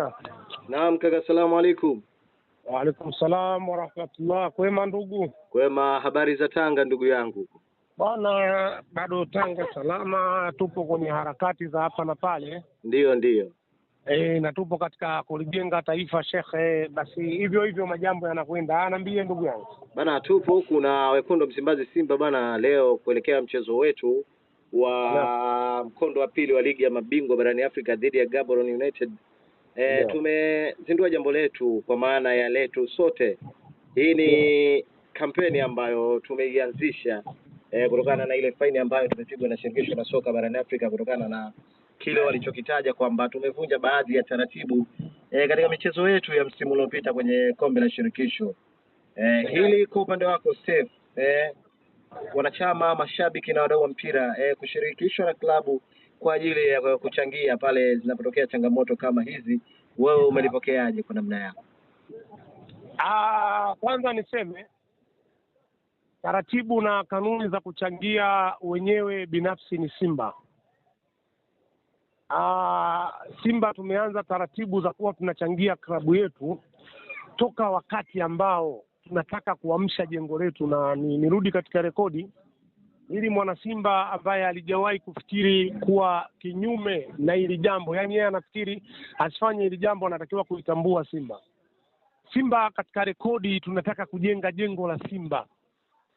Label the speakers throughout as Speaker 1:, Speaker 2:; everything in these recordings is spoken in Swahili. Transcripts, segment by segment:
Speaker 1: kaka.
Speaker 2: Naam kaka, salamu alaikum.
Speaker 1: Waalaikum salam warahmatullah. Kwema ndugu?
Speaker 2: Kwema. Habari za Tanga ndugu yangu?
Speaker 1: Bwana, bado Tanga salama, tupo kwenye harakati za hapa na pale.
Speaker 2: Ndiyo, ndiyo.
Speaker 1: E, na tupo katika kulijenga taifa shekhe. Basi hivyo hivyo majambo yanakwenda. Naambie ndugu yangu
Speaker 2: bana, tupo huku na wekundu Msimbazi Simba bana, leo kuelekea mchezo wetu wa yeah, mkondo wa pili wa ligi ya mabingwa barani Afrika dhidi ya Gaborone United e, yeah. Tumezindua jambo letu kwa maana ya letu sote. Hii ni yeah. kampeni ambayo tumeianzisha e, kutokana na ile faini ambayo tumepigwa na shirikisho la soka barani Afrika kutokana na kile walichokitaja kwamba tumevunja baadhi ya taratibu e, katika michezo yetu ya msimu uliopita kwenye kombe la shirikisho e, hili kwa upande wako Steve, e, wanachama, mashabiki na wadau wa mpira e, kushirikishwa na klabu kwa ajili ya kuchangia pale zinapotokea changamoto kama hizi. Wewe umelipokeaje kwa namna yako?
Speaker 1: Ah, kwanza niseme taratibu na kanuni za kuchangia wenyewe binafsi ni Simba. Aa, ah, Simba tumeanza taratibu za kuwa tunachangia klabu yetu toka wakati ambao tunataka kuamsha jengo letu, na nirudi katika rekodi ili mwana Simba ambaye alijawahi kufikiri kuwa kinyume na hili jambo, yaani yeye anafikiri asifanye hili jambo, anatakiwa kuitambua Simba. Simba katika rekodi, tunataka kujenga jengo la Simba.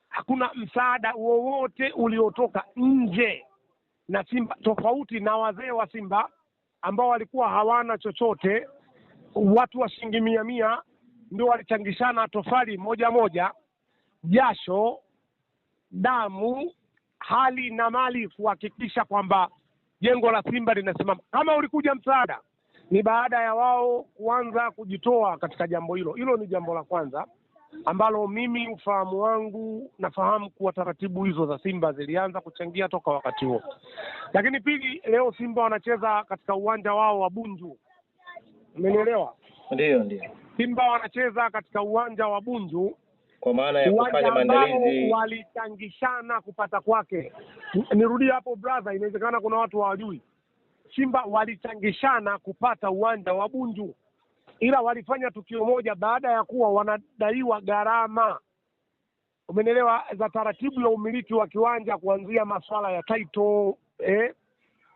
Speaker 1: Hakuna msaada wowote uliotoka nje na Simba, tofauti na wazee wa Simba ambao walikuwa hawana chochote, watu wa shilingi mia mia ndio walichangishana tofali moja moja, jasho damu hali na mali kuhakikisha kwamba jengo la Simba linasimama. Kama ulikuja msaada, ni baada ya wao kuanza kujitoa katika jambo hilo. Hilo ni jambo la kwanza ambalo mimi ufahamu wangu nafahamu kuwa taratibu hizo za Simba zilianza kuchangia toka wakati huo. Lakini pili, leo Simba wanacheza katika uwanja wao wa Bunju, umenielewa? Ndio, ndio. Simba wanacheza katika uwanja wa Bunju
Speaker 2: kwa maana ya kufanya maandalizi,
Speaker 1: walichangishana kupata kwake. Nirudie hapo brother, inawezekana kuna watu hawajui Simba walichangishana kupata uwanja wa Bunju, ila walifanya tukio moja baada ya kuwa wanadaiwa gharama, umenielewa, za taratibu ya umiliki wa kiwanja, kuanzia masuala ya title eh,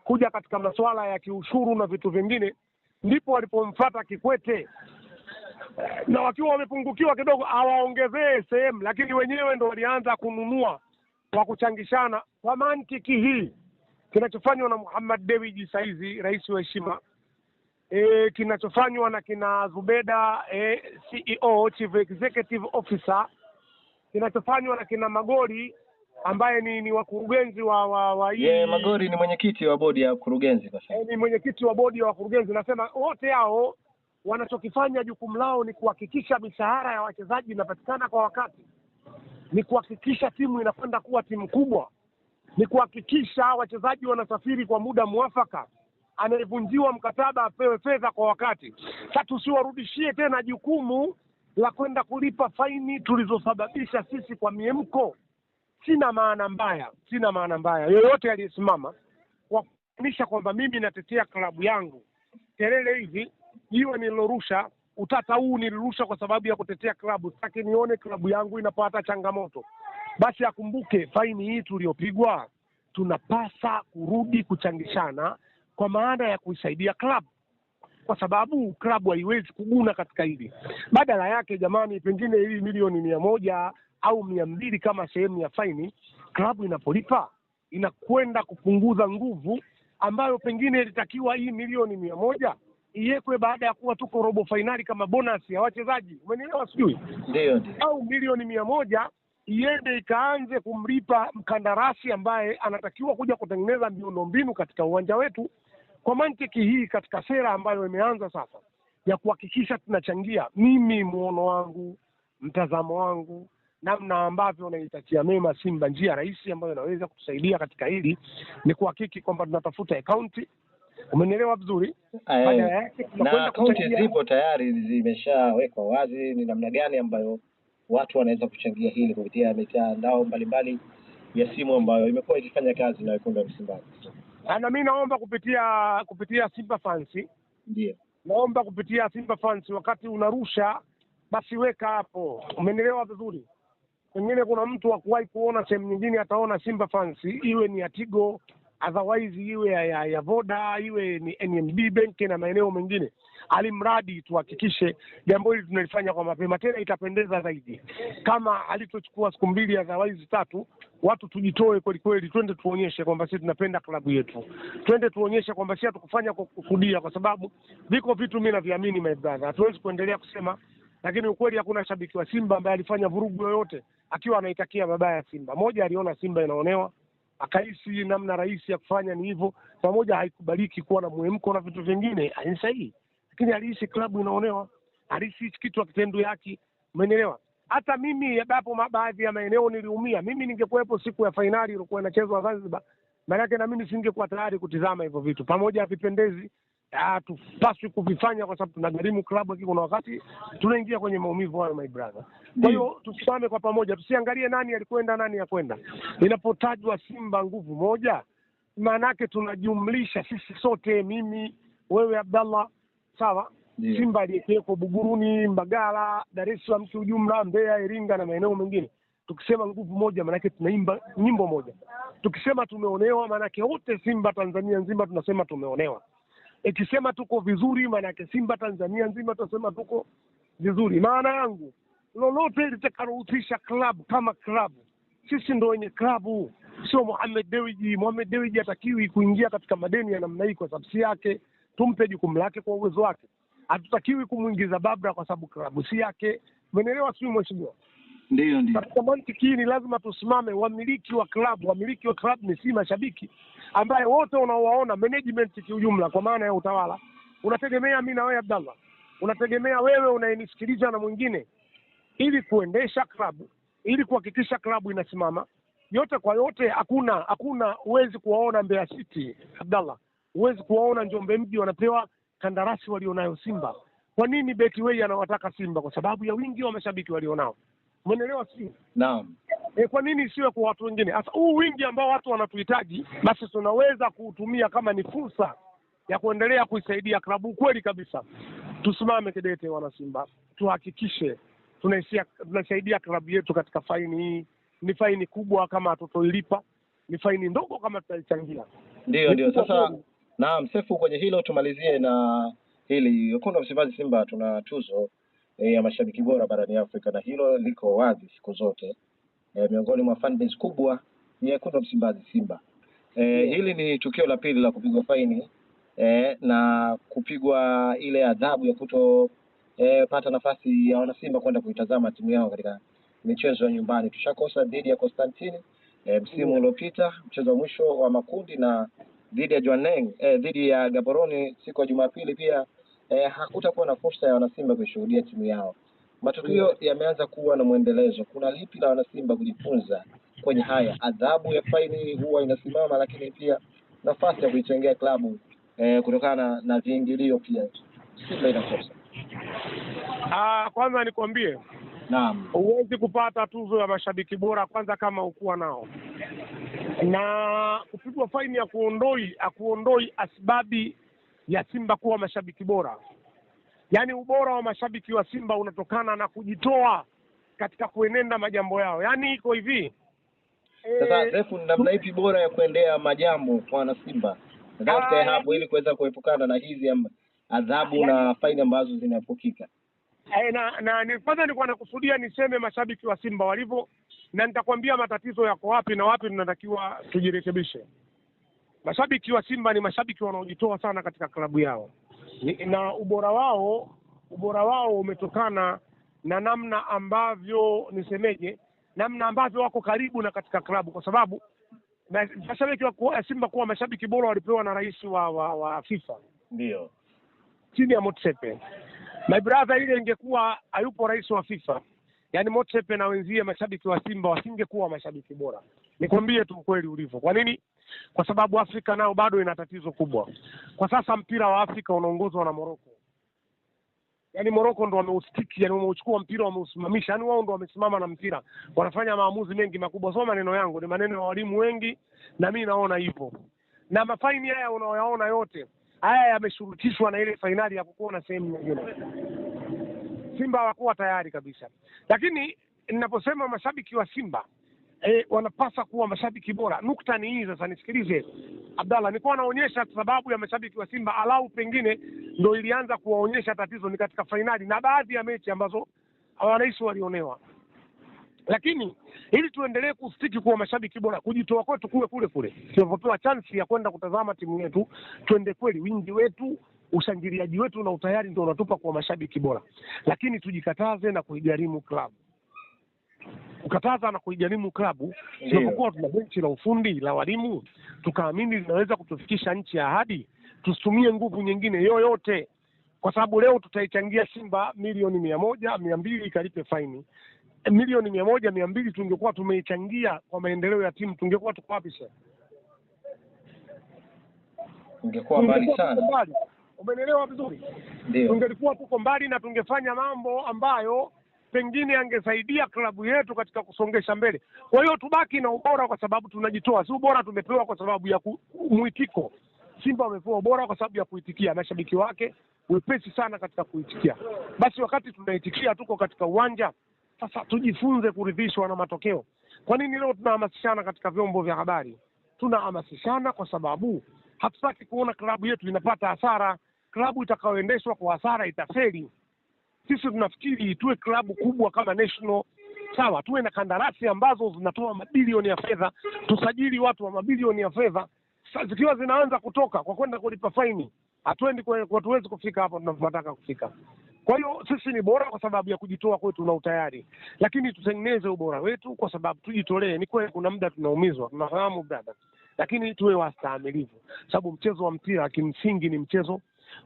Speaker 1: kuja katika masuala ya kiushuru na vitu vingine, ndipo walipomfata Kikwete na wakiwa wamepungukiwa kidogo awaongezee sehemu, lakini wenyewe ndo walianza kununua kwa kuchangishana. Kwa mantiki hii, kinachofanywa na Muhammad Dewji saizi rais wa heshima e, kinachofanywa na kina Zubeda e, CEO Chief Executive Officer, kinachofanywa na kina Magori ambaye ni, ni wakurugenzi wa wa, wa hii...
Speaker 2: yeah, Magori ni mwenyekiti wa bodi ya wakurugenzi kwa sasa
Speaker 1: e, ni mwenyekiti wa bodi ya wakurugenzi. Nasema wote hao wanachokifanya jukumu lao ni kuhakikisha mishahara ya wachezaji inapatikana kwa wakati, ni kuhakikisha timu inakwenda kuwa timu kubwa, ni kuhakikisha wachezaji wanasafiri kwa muda mwafaka, anayevunjiwa mkataba apewe fedha kwa wakati. Sa tusiwarudishie tena jukumu la kwenda kulipa faini tulizosababisha sisi kwa miemko. Sina maana mbaya, sina maana mbaya yoyote aliyesimama kwa kuonyesha kwamba mimi natetea klabu yangu kelele hivi jiwe nililorusha, utata huu nilirusha kwa sababu ya kutetea klabu. Sitaki nione klabu yangu inapata changamoto. Basi akumbuke faini hii tuliyopigwa, tunapasa kurudi kuchangishana kwa maana ya kuisaidia klabu kwa sababu klabu haiwezi kuguna katika hili. Badala yake, jamani, pengine hii milioni mia moja au mia mbili kama sehemu ya faini, klabu inapolipa inakwenda kupunguza nguvu ambayo pengine ilitakiwa hii milioni mia moja iwekwe baada ya kuwa tuko robo fainali kama bonus ya wachezaji, umenielewa? Sijui ndio au milioni mia moja iende ikaanze kumlipa mkandarasi ambaye anatakiwa kuja kutengeneza miundo mbinu katika uwanja wetu, kwa mantiki hii, katika sera ambayo imeanza sasa ya kuhakikisha tunachangia. Mimi muono wangu, mtazamo wangu, namna ambavyo naitakia mema Simba njia rahisi ambayo inaweza kutusaidia katika hili ni kuhakiki kwamba tunatafuta akaunti Umenielewa vizuri?
Speaker 2: Eh, na akaunti zipo tayari zimeshawekwa wazi, ni namna gani ambayo watu wanaweza kuchangia hili kupitia mitandao mbalimbali ya simu ambayo imekuwa ikifanya kazi na wekundu wa Msimbazi.
Speaker 1: Ah, na mimi naomba kupitia kupitia Simba Fans, Ndio naomba kupitia Simba Fans, wakati unarusha basi weka hapo, umenielewa vizuri? Pengine kuna mtu hakuwahi kuona sehemu nyingine, ataona Simba Fans, iwe ni ya Tigo, otherwise iwe ya, ya, ya Voda iwe ni NMB benki na maeneo mengine, alimradi tuhakikishe jambo hili tunalifanya kwa mapema, tena itapendeza zaidi kama alivyochukua siku mbili, otherwise tatu. Watu tujitoe kwelikweli tuende twende tuonyeshe kwamba sisi tunapenda klabu yetu, twende tuonyeshe kwamba sisi hatukufanya kwa kukusudia, kwa sababu viko vitu mi naviamini, my brother, hatuwezi kuendelea kusema lakini ukweli hakuna shabiki wa Simba ambaye alifanya vurugu yoyote akiwa anaitakia mabaya ya Simba. Moja, aliona Simba inaonewa akaisi namna rahisi ya kufanya ni hivyo, pamoja haikubaliki kuwa na mwemko na vitu vingine sahihi, lakini alihisi klabu inaonewa, alihisi kitu akitendo yake, umeelewa? Hata mimi yapo baadhi ya maeneo niliumia. Mimi ningekuwepo siku ya fainali ilikuwa inachezwa Zanzibar, maanake na mimi nisingekuwa tayari kutizama hivyo vitu, pamoja ya vipendezi hatupaswi kuvifanya kwa sababu tunagharimu klabu, lakini kuna wakati tunaingia kwenye maumivu hayo, my brother. Kwa hiyo tusimame kwa pamoja, tusiangalie nani alikwenda nani yakwenda Inapotajwa Simba nguvu moja, maanake tunajumlisha sisi sote, mimi, wewe, Abdallah, sawa yeah. Simba aliyekuweko Buguruni, Mbagala, Dar es Salaam kiujumla, Mbeya, Iringa na maeneo mengine tukisema nguvu moja, maanake tunaimba nyimbo moja. Tukisema tumeonewa, maanake wote Simba Tanzania nzima tunasema tumeonewa ikisema tuko vizuri, maanake Simba Tanzania nzima tutasema tuko vizuri. Maana yangu lolote litakalohusisha klabu kama klabu, sisi ndo wenye klabu, sio Mohamed Dewji. Mohamed Dewji hatakiwi kuingia katika madeni ya namna hii kwa sababu yake, tumpe jukumu lake kwa uwezo wake. Hatutakiwi kumwingiza Babra kwa sababu klabu si yake. Umeelewa sijui mheshimiwa? ndio ndio, Katika mantiki hii ni lazima tusimame, wamiliki wa klabu. Wamiliki wa klabu ni si mashabiki, ambaye wote unaowaona management kiujumla, kwa maana ya utawala, unategemea mi na wewe Abdallah, unategemea wewe unayenisikiliza na mwingine, ili kuendesha klabu, ili kuhakikisha klabu inasimama. Yote kwa yote, hakuna hakuna, huwezi kuwaona Mbeya City Abdallah, huwezi kuwaona Njombe Mji wanapewa kandarasi walionayo Simba. Kwa nini Betway anawataka Simba? Kwa sababu ya wingi wa mashabiki walionao. Umeelewa Si Naam. E, kwa nini isiwe kwa watu wengine? Sasa huu wingi ambao watu wanatuhitaji, basi tunaweza kuutumia kama ni fursa ya kuendelea kuisaidia klabu. Kweli kabisa, tusimame kidete, wana Simba, tuhakikishe tunaisaidia klabu yetu katika faini hii. Ni faini kubwa kama hatutoilipa, ni faini ndogo kama tutaichangia.
Speaker 2: Ndio, ndio. Sasa naam, Sefu, kwenye hilo tumalizie na hili wekundu wa Msimbazi Simba tuna tuzo e, ya mashabiki bora barani Afrika, na hilo liko wazi siku zote e, miongoni mwa kubwa ni Wekundu Msimbazi, Simba. E, hili ni tukio la pili la kupigwa faini e, na kupigwa ile adhabu ya kuto e, pata nafasi ya wanasimba kwenda kuitazama timu yao katika michezo ya nyumbani. Tushakosa dhidi ya Konstantini e, msimu uliopita mchezo wa mwisho wa makundi na dhidi ya Jwaneng, eh, dhidi ya Gaborone siku ya Jumapili pia eh, hakutakuwa na fursa ya wanasimba kuishuhudia timu yao. Matukio yameanza kuwa na mwendelezo. Kuna lipi la wanasimba kujifunza kwenye haya? Adhabu ya faini huwa inasimama, lakini pia nafasi ya kuichengea klabu eh, kutokana na viingilio pia Simba inakosa.
Speaker 1: Ah, kwanza nikwambie, naam, huwezi kupata tuzo ya mashabiki bora kwanza kama hukuwa nao, na kupigwa faini ya kuondoi akuondoi asbabi ya Simba kuwa mashabiki bora. Yaani ubora wa mashabiki wa Simba unatokana na kujitoa katika kuenenda majambo yao, yaani iko hivi
Speaker 2: sasa e, refu namna ipi bora ya kuendea majambo kwa wanasimba daftari ah, hapo, yaani ili kuweza kuepukana na hizi adhabu na yaani faini ambazo zinapokika.
Speaker 1: E, eh, na na ni kwanza nilikuwa nakusudia niseme mashabiki wa Simba walivyo, na nitakwambia matatizo yako wapi na wapi tunatakiwa tujirekebishe. Mashabiki wa Simba ni mashabiki wanaojitoa sana katika klabu yao na ubora wao, ubora wao umetokana na namna ambavyo nisemeje, namna ambavyo wako karibu na katika klabu, kwa sababu mashabiki wa eh, Simba kuwa mashabiki bora walipewa na rais wa, wa, wa FIFA ndio chini ya Motsepe. My brother, ile ingekuwa hayupo rais wa FIFA, yaani Motsepe na wenzie, mashabiki wa Simba wasingekuwa mashabiki bora. Nikwambie tu ukweli ulivyo. Kwa nini? Kwa sababu Afrika nao bado ina tatizo kubwa kwa sasa. Mpira wa Afrika unaongozwa na Moroko, yaani Moroko ndo wameustiki, yani wameuchukua mpira, wameusimamisha, yaani wao ndo wamesimama na mpira, wanafanya maamuzi mengi makubwa. Sio maneno yangu, ni maneno ya walimu wengi, na mi naona hivyo. Na mafaini haya unaoyaona yote haya yameshurutishwa na ile fainali ya kukuwa na sehemu nyingine. Simba hawakuwa tayari kabisa, lakini ninaposema mashabiki wa Simba e, wanapasa kuwa mashabiki bora. Nukta ni hii sasa, nisikilize Abdallah. Nilikuwa naonyesha sababu ya mashabiki wa Simba alau pengine ndo ilianza kuwaonyesha tatizo ni katika fainali na baadhi ya mechi ambazo wanahisi walionewa, lakini ili tuendelee kustiki kuwa mashabiki bora, kujitoa kwetu kuwe kule kule. Tunapopewa chansi ya kwenda kutazama timu yetu, twende kweli, wingi wetu ushangiliaji wetu na utayari ndio unatupa kuwa mashabiki bora, lakini tujikataze na kuigharimu klabu kukataza na kuigharimu klabu tunapokuwa tuna benchi la ufundi la walimu tukaamini linaweza kutufikisha nchi ya ahadi, tusitumie nguvu nyingine yoyote, kwa sababu leo tutaichangia Simba milioni mia moja mia mbili ikalipe faini milioni mia moja mia mbili tungekuwa tumeichangia kwa maendeleo ya timu, tungekuwa tuko wapi sasa?
Speaker 2: Tungekuwa mbali sana.
Speaker 1: Umeelewa vizuri? tungelikuwa tuko mbali na tungefanya mambo ambayo pengine angesaidia klabu yetu katika kusongesha mbele. Kwa hiyo tubaki na ubora, kwa sababu tunajitoa, si ubora tumepewa kwa sababu ya mwitiko. Simba wamepewa ubora kwa sababu ya kuitikia, mashabiki wake wepesi sana katika kuitikia. Basi wakati tunaitikia, tuko katika uwanja sasa, tujifunze kuridhishwa na matokeo. Kwa nini leo tunahamasishana katika vyombo vya habari? Tunahamasishana kwa sababu hatutaki kuona klabu yetu inapata hasara. Klabu itakayoendeshwa kwa hasara itafeli sisi tunafikiri tuwe klabu kubwa kama National sawa, tuwe na kandarasi ambazo zinatoa mabilioni ya fedha, tusajili watu wa mabilioni ya fedha, zikiwa zinaanza kutoka kwa kwenda kulipa faini, hatuendi hatuwezi kufika hapo tunavyotaka kufika. Kwa hiyo sisi ni bora kwa sababu ya kujitoa kwetu na utayari, lakini tutengeneze ubora wetu kwa sababu tujitolee. Ni kweli kuna muda tunaumizwa, tunafahamu brada, lakini tuwe wastaamilivu, sababu mchezo wa mpira kimsingi ni mchezo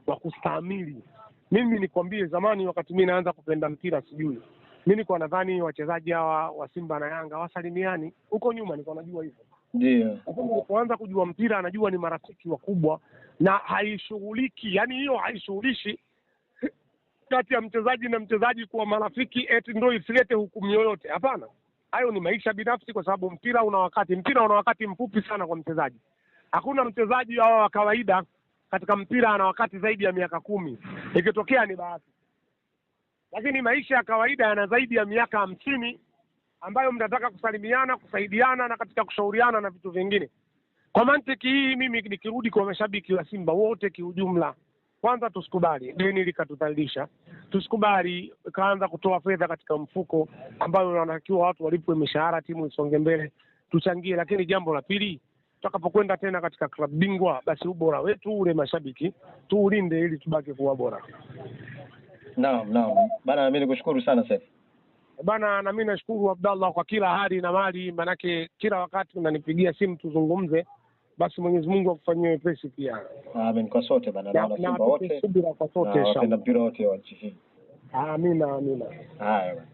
Speaker 1: wa kustaamili mimi nikwambie, zamani wakati mi naanza kupenda mpira, sijui mi nikuwa nadhani wachezaji hawa wa Simba na Yanga wasalimiani. Huko nyuma nilikuwa najua hivyo ndio kuanza kujua mpira, anajua ni marafiki wakubwa na haishughuliki, yani hiyo haishughulishi kati ya mchezaji na mchezaji kuwa marafiki eti ndo isilete hukumu yoyote. Hapana, hayo ni maisha binafsi, kwa sababu mpira una wakati, mpira una wakati mfupi sana kwa mchezaji. Hakuna mchezaji hawa wa kawaida katika mpira ana wakati zaidi ya miaka kumi, ikitokea ni bahati. Lakini maisha ya kawaida yana zaidi ya miaka hamsini ambayo mtataka kusalimiana, kusaidiana na katika kushauriana na vitu vingine. Kwa mantiki hii, mimi nikirudi kwa mashabiki wa Simba wote kiujumla, kwanza tusikubali deni likatudhalilisha, tusikubali kaanza kutoa fedha katika mfuko ambayo wanatakiwa watu walipwe mishahara, timu isonge mbele, tuchangie. Lakini jambo la pili tutakapokwenda tena katika klabu bingwa, basi ubora wetu ule mashabiki tuulinde, ili tubaki kuwa bora.
Speaker 2: Naam, naam bana, mimi nikushukuru sana Seif
Speaker 1: bana. Na mimi nashukuru Abdallah kwa kila hali na mali, manake kila wakati unanipigia simu tuzungumze. Basi Mwenyezi Mungu akufanyie wepesi pia.
Speaker 2: Amen kwa sote bana, na Simba wote,
Speaker 1: subira kwa sote,
Speaker 2: na mpira wote wa nchi hii.
Speaker 1: Amina, amina.
Speaker 2: Haya.